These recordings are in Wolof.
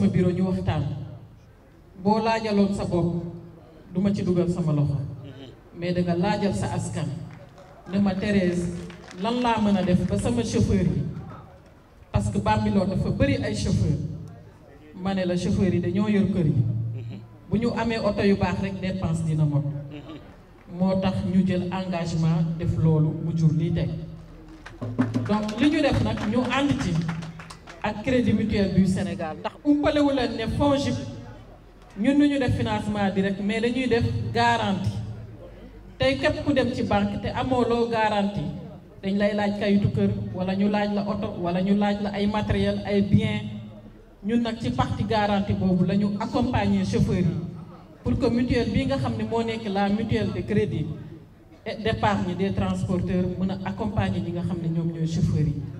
sama bureau ñu waxtaan boo laajaloon sa bopp duma ci dugal sama loxo mais danga laajal sa askan ne ma Thérèse lan laa mën a def ba sama chauffeur yi parce que Bambilor dafa bëri ay chauffeur ma ne la chauffeur yi dañoo yor kër yi bu ñu amee oto yu baax rek dépense dina mot moo tax ñu jël engagement def loolu mu jur lii teg donc li ñu def nag ñu ànd ci ak crédit mutuel du Sénégal ndax umpalewu leen ne FONGIP ñun nu ñu def financement direct mais dañuy def garantie tey képp ku dem ci banque te amoo loo garantie dañ lay laaj kayitu kër wala ñu laaj la oto wala ñu laaj la ay matériel ay bien ñun nag ci partie garantie boobu la ñu accompagner chauffeurs yi pour que mutuel bii nga xam ne moo nekk la mutuelle de crédit et d'épargne des transporteurs mën a accompagner ñi nga xam ne ñoom ñooy chauffeurs yi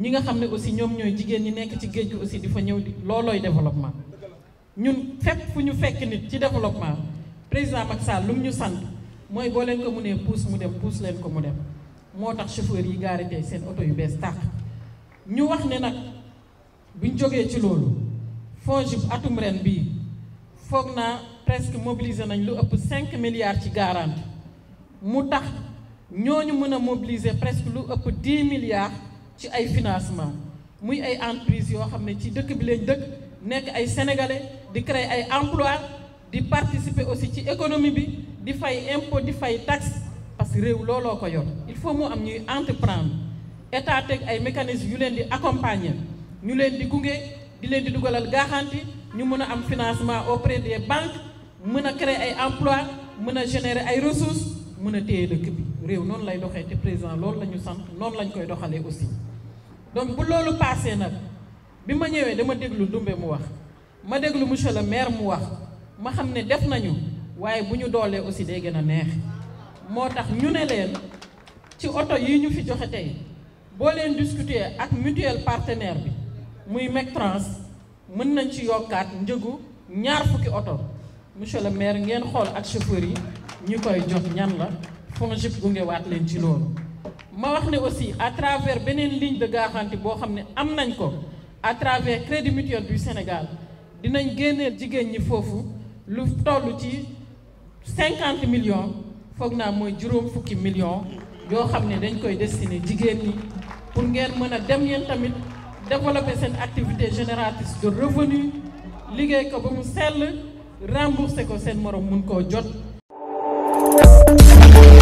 ñi nga xam ne aussi ñoom ñooy jigéen ñi nekk ci géej gi aussi di fa ñëw di loolooy développement ñun fépp fu ñu fekk nit ci développement président Macky Sall lu mu ñu sant mooy boo leen ko mu nee puus mu dem puus leen ko mu dem moo tax chauffeur yi gaari tey seen oto yu bees tàq ñu wax ne nag buñ jógee ci loolu FONGIP atum ren bii foog naa presque mobiliser nañ lu ëpp cinq milliards ci garanti mu tax ñoo ñu mën a mobiliser presque lu ëpp 10 milliards ci ay financement muy ay entreprise yoo xam ne ci dëkk bi lañ dëkk nekk ay sénégalais di créer ay emploi di participer aussi ci économie bi di fay impôt di fay taxe parce que réew looloo ko yor il faut mu am ñuy entreprendre état teg ay mécanismes yu leen di accompagner ñu leen di gunge di leen di dugalal garantie ñu mën a am financement auprès des banques mën a créer ay emploi mën a générer ay ressources mën a téye dëkk bi réew noonu lay doxee te président loolu la ñu sant noonu lañu koy doxalee aussi donc bu loolu passé nag bi ma ñëwee dama déglu Dumbe mu wax ma déglu monsieur le maire mu wax ma xam ne def nañu waaye bu ñu doolee aussi day gën a neex moo tax ñu ne leen ci oto yi ñu fi joxe tey boo leen discuter ak mutuel partenaire bi muy Mectrans mën nañ ci yokkaat njëgu ñaar fukki oto monsieur le maire ngeen xool ak chauffeur yi ñi koy jox ñan la FONGIP gungewaat len ci lool ma wax ne aussi à travers benen ligne de garantie bo xamné am nañ ko à travers Crédit Mutuel du Sénégal dinañ génneel jigéen ñi fofu lu tollu ci 50 millions foog naa mooy juróom fukki millions yoo xamné dañ koy destiner jigéen ñi pour ngeen mëna dem yéen tamit développer seen activité génératrice de revenus liggéey ko ba mu sell rembourser ko seen morom mën koo jot Thank you.